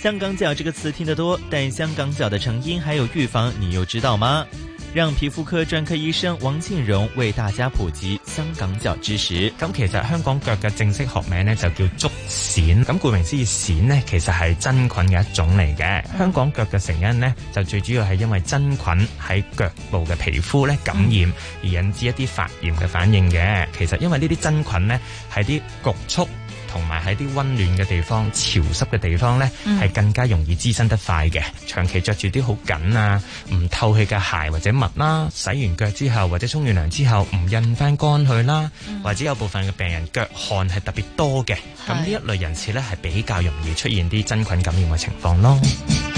香港腳這個詞聽得多，但香港腳的成因還有預防，你又知道嗎？讓皮膚科專科醫生王慶榮為大家普及香港腳知識。咁、嗯、其實香港腳嘅正式學名呢，就叫足癬，咁顧名思義，癬呢，其實係真菌嘅一種嚟嘅。香港腳嘅成因呢，就最主要係因為真菌喺腳部嘅皮膚咧感染，嗯、而引致一啲發炎嘅反應嘅。其實因為呢啲真菌呢，係啲局促。同埋喺啲溫暖嘅地方、潮濕嘅地方咧，係更加容易滋生得快嘅。長期着住啲好緊啊、唔透氣嘅鞋或者襪啦，洗完腳之後或者沖完涼之後唔印翻乾去啦，嗯、或者有部分嘅病人腳汗係特別多嘅，咁呢一類人士咧，係比較容易出現啲真菌感染嘅情況咯。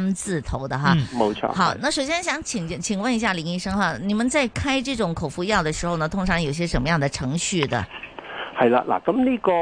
三字頭的哈，冇、嗯、錯。好，那首先想請請問一下林醫生哈，你們在開這種口服藥的時候呢，通常有些什麼樣的程序的？係啦、嗯，嗱，咁呢個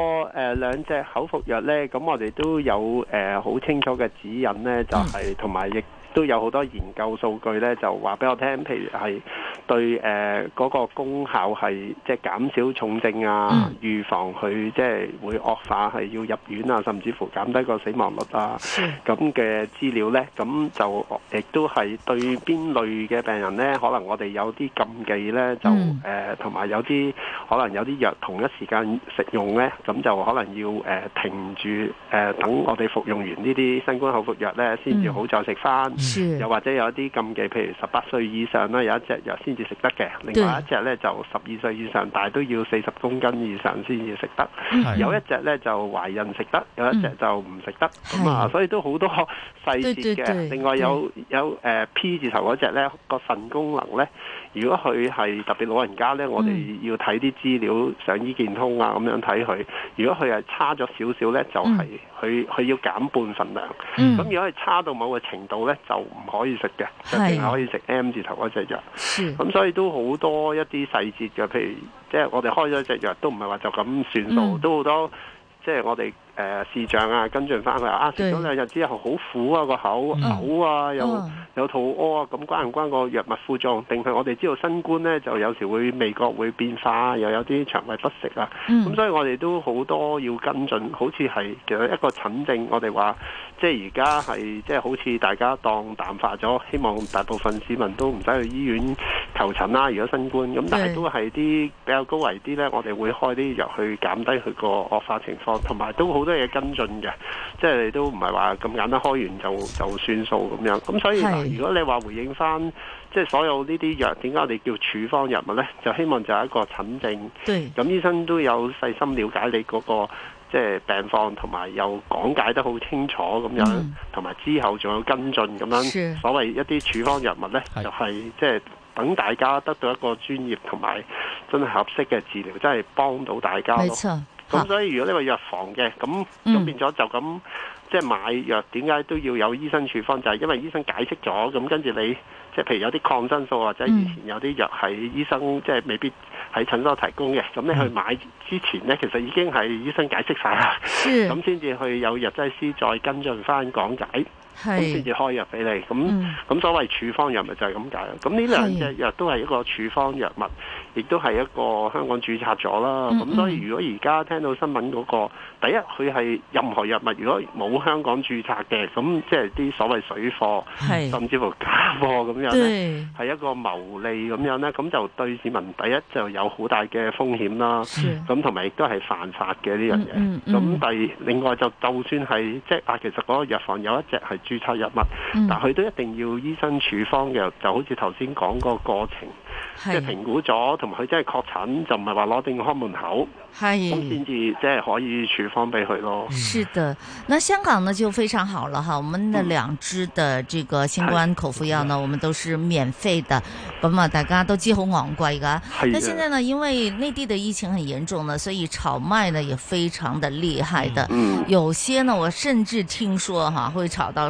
誒兩隻口服藥呢，咁我哋都有誒好清楚嘅指引呢，就係同埋亦。都有好多研究數據咧，就話俾我聽，譬如係對誒嗰、呃嗰個功效係即係減少重症啊，預防佢即係會惡化係要入院啊，甚至乎減低個死亡率啊，咁嘅資料呢，咁就亦都係對邊類嘅病人呢，可能我哋有啲禁忌呢，就誒同埋有啲可能有啲藥同一時間食用呢，咁就可能要、呃、停住誒、呃、等我哋服用完呢啲新冠口服藥呢，先至好再食返。嗯又是或者有一啲禁忌，譬如十八歲以上咧，有一隻又先至食得嘅，另外一隻咧就十二歲以上，但係都要四十公斤以上先至食得。對有一隻咧就懷孕食得，有一隻就唔食得。咁、嗯、啊，是所以都好多細節嘅。對對對，另外有有誒 P 字頭嗰隻咧個腎功能咧。如果佢係特別老人家呢，我哋要睇啲資料，嗯、上醫健通啊咁樣睇佢。如果佢係差咗少少呢，就係佢佢要減半份量。咁、嗯、如果係差到某個程度呢，就唔可以食嘅，就淨係可以食 M 字頭嗰隻藥。咁是所以都好多一啲細節嘅，譬如即係、就是、我哋開咗隻藥都唔係話就咁算數，嗯、都好多即係、就是、我哋。誒、呃、視像啊，跟進翻佢啊，食咗兩日之後好苦啊，個口嘔、嗯、啊，有有肚屙啊，咁關唔關個藥物副作用？定係我哋知道新冠呢，就有時會味覺會變化，又有啲腸胃不適啊，咁、嗯、所以我哋都好多要跟進，好似係其實一個診症，我哋話。即係而家係，即係好似大家當淡化咗，希望大部分市民都唔使去醫院求診啦、啊。如果新冠咁，但係都係啲比較高危啲呢，我哋會開啲藥去減低佢個惡化情況，同埋都好多嘢跟進嘅，即係你都唔係話咁簡單開完就就算數咁樣。咁所以如果你話回應翻，即係所有呢啲藥點解我哋叫處方藥物呢？就希望就係一個診症，咁對 醫生都有細心了解你嗰、那個。即係病況同埋又講解得好清楚咁樣，同埋之後仲有跟進咁樣，嗯、所謂一啲處方藥物呢，是就係即係等大家得到一個專業同埋真係合適嘅治療，真係幫到大家咯。冇錯。咁所以如果呢個藥房嘅咁咁變咗就咁，即、就、係、是、買藥點解都要有醫生處方？就係、是、因為醫生解釋咗，咁跟住你即係、就是、譬如有啲抗生素或者以前有啲藥係醫生即係、就是、未必。喺診所提供嘅，咁你去買之前呢，其實已經係醫生解釋晒啦，咁先至去有藥劑師再跟進返講解。咁先至開藥俾你。咁咁、嗯、所謂處方藥物就係咁解。咁呢兩隻藥都係一個處方藥物，亦都係一個香港註冊咗啦。咁所以如果而家聽到新聞嗰、嗰個，嗯、第一佢係任何藥物，如果冇香港註冊嘅，咁即係啲所謂水貨，是甚至乎假貨咁樣咧，係對一個牟利咁樣呢，咁就對市民第一就有好大嘅風險啦。咁同埋亦都係犯法嘅呢樣嘢。咁、嗯、第二，嗯、另外就就算係即係啊，其實嗰個藥房有一隻係，註冊藥物，但佢都一定要醫生處方嘅。嗯、就好似頭先講個過程，即係評估咗，同埋佢真係確診，就唔係話攞定開門口，咁先至即係可以處方俾佢咯。是的，那香港呢就非常好了哈，嗯、我們的兩支的這個新冠口服藥呢，的我們都是免費的，咁啊的，大家都知好昂貴噶。但的現在呢，因為內地的疫情很嚴重呢，所以炒賣呢也非常的厲害的，嗯、有些呢我甚至聽說哈、啊、會炒到。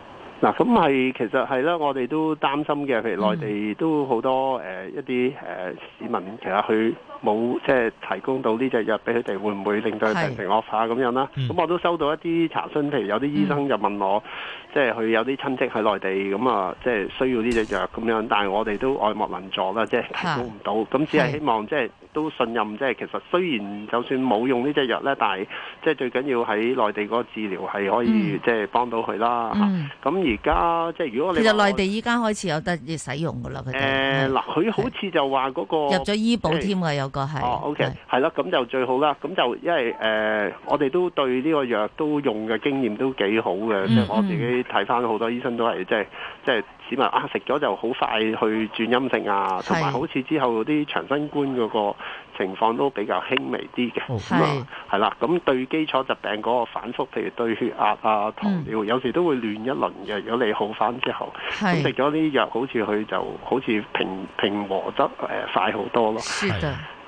嗱，咁係其實係啦，我哋都擔心嘅，譬如內地都好多誒一啲誒市民，其實去，冇即係提供到呢隻藥俾佢哋，會唔會令到病情惡化咁樣啦？咁我都收到一啲查詢，譬如有啲醫生就問我，即係佢有啲親戚喺內地，咁啊，即係需要呢隻藥咁樣，但係我哋都愛莫能助啦，即係提供唔到。咁只係希望即係都信任，即係其實雖然就算冇用呢隻藥咧，但係即係最緊要喺內地嗰個治療係可以即係幫到佢啦。咁而家即係如果我其實內地依家開始有得使用㗎啦，佢好似就話嗰個入咗醫保添。哦，OK，係咯，咁就最好啦。咁就因為誒、呃，我哋都對呢個藥都用嘅經驗都幾好嘅。即係、嗯嗯、我自己睇翻好多醫生都係，即係即係市民啊，食咗就好快去轉陰性啊。同埋是好似之後啲長新冠嗰個情況都比較輕微啲嘅。係啊，係啦，咁對基礎疾病嗰個反覆，譬如對血壓啊、糖尿，嗯、有時都會亂一輪嘅。如果你好翻之後，咁是食咗呢啲藥，好似佢就好似平平和得誒、呃、快好多咯。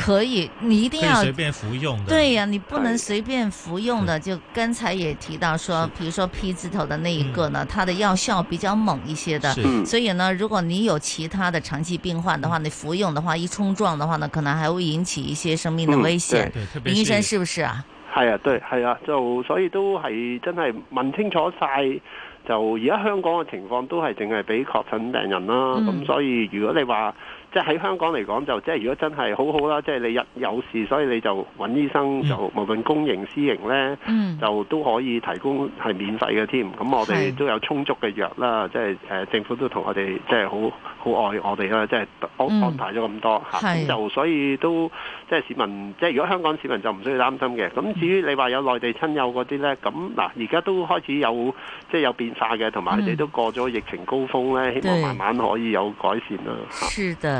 可以，你一定要對呀，你不能隨便服用的。就剛才也提到說，是譬如說 P 字頭的那一個呢，嗯、它的藥效比較猛一些的。是所以呢，如果你有其他的長期病患的話，嗯、你服用的話一衝撞的話呢，可能還會引起一些生命的危險。林、嗯、醫生是不是啊？係啊，對，係啊，就所以都係真係問清楚晒。就而家香港嘅情況都係淨係俾確診病人啦。咁、嗯、所以如果你話，即係喺香港嚟講，就即係如果真係好好啦，即係你有有事，所以你就揾醫生，嗯、就無論公營私營呢，嗯、就都可以提供係免費嘅添。咁我哋都有充足嘅藥啦，是即係政府都同我哋即係好好愛我哋啦，即係安排咗咁多吓。就所以都即係市民，即係如果香港市民就唔需要擔心嘅。咁至於你話有內地親友嗰啲呢，咁嗱而家都開始有即係有變化嘅，同埋你哋都過咗疫情高峰呢，希望慢慢可以有改善啦。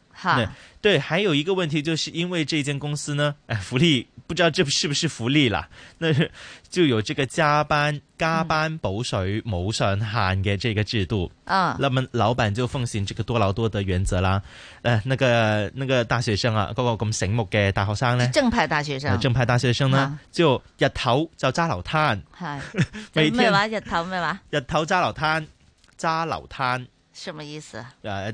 對對，還有一個問題，就是因為這間公司呢，誒、哎，福利，不知道這是不是福利啦，那是就有這個加班加班補水冇上限嘅這個制度啊，嗯、那麼老闆就奉行這個多勞多得原則啦，誒、呃，那個那個大學生啊，嗰個咁醒目嘅大學生咧，正派大學生，呃，正派大學生呢就日頭就揸流攤，係、嗯，咩話日頭咩話，日頭揸流攤，揸流攤，什麼意思？誒、呃。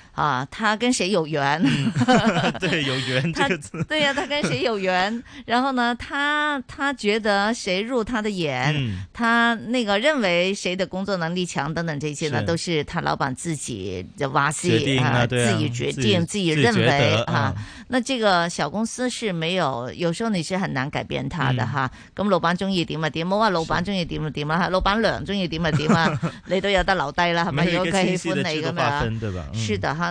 啊，他跟誰有緣？對，有緣。他對呀，他跟誰有緣？然後呢，他他覺得誰入他的眼，他那個認為誰的工作能力強等等這些呢，都是他老闆自己話事啊，自己決定，自己認為啊。那這個小公司是沒有，有時候你是很難改變他的哈。咁老闆中意點嘛點，冇話老闆中意點嘛點哈，老闆娘中意點嘛點嘛，你都有得留低啦，係咪？如果佢喜歡你咁樣，是的，哈。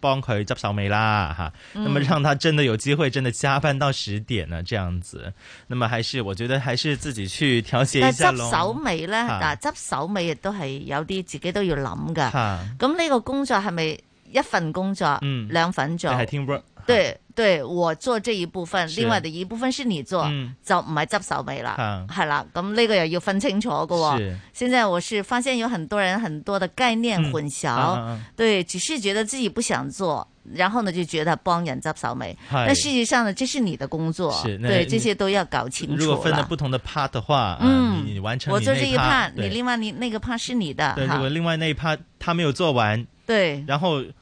幫佢執手尾啦，哈、嗯啊，那麼讓他真的有機會，真的加班到十點啊。這樣子，那麼還是我覺得還是自己去調節一下咯。但係執手尾咧，嗱執、啊啊、手尾亦都係有啲自己都要諗噶。咁呢、啊、個工作係咪一份工作，兩、嗯、份做？對，對我做這一部分，另外的一部分是你做，就唔係執手尾啦，係啦，咁呢個又要分清楚噶。現在我是發現有很多人很多的概念混淆，對，只是覺得自己不想做，然後呢就覺得幫人執手尾，但事實上呢，這是你的工作，對，這些都要搞清楚。如果分了不同的 part 的話，嗯，你完成我做這一 part，你另外你那個 part 是你的。對，如果另外那一 part 他沒有做完，對，然後。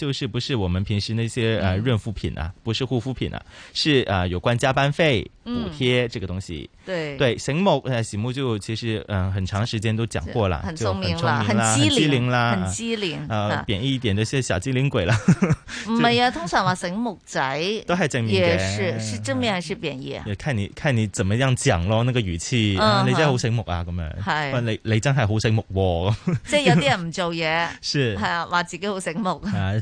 就是不是我們平時那些呃潤膚品啊，不是護膚品啊，是呃有關加班費補貼這個東西。對對，醒目醒目就其實嗯很長時間都講過了，很聰明啦，很機靈啦，很機靈。呃，貶義一點，這些小機靈鬼啦，唔係啊，通常話醒目仔都係正面，也是是正面還是貶義啊？看你看你怎麼樣講咯，那個語氣，你真係好醒目啊，咁樣。係。你你真係好醒目。即係有啲人唔做嘢，係啊，話自己好醒目。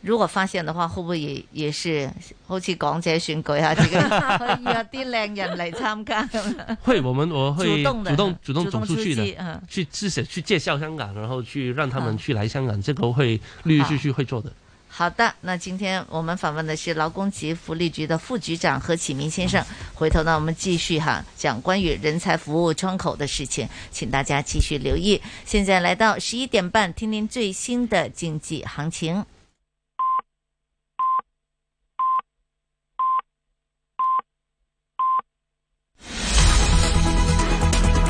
如果發現的話，會不會也是會不會也是好似港姐選舉啊？這個可以有啲靚人嚟參加咁。 會，我們我會主動、主動的、主動走出去的，嗯擊，去自己去介紹香港，啊、然後去讓他們去來香港，啊、這個會陸陸續續會做的好。好的，那今天我們訪問的是勞工及福利局的副局長何啓明先生。回頭呢，我們繼續哈講關於人才服務窗口的事情，請大家繼續留意。現在來到十一點半，聽聽最新的經濟行情。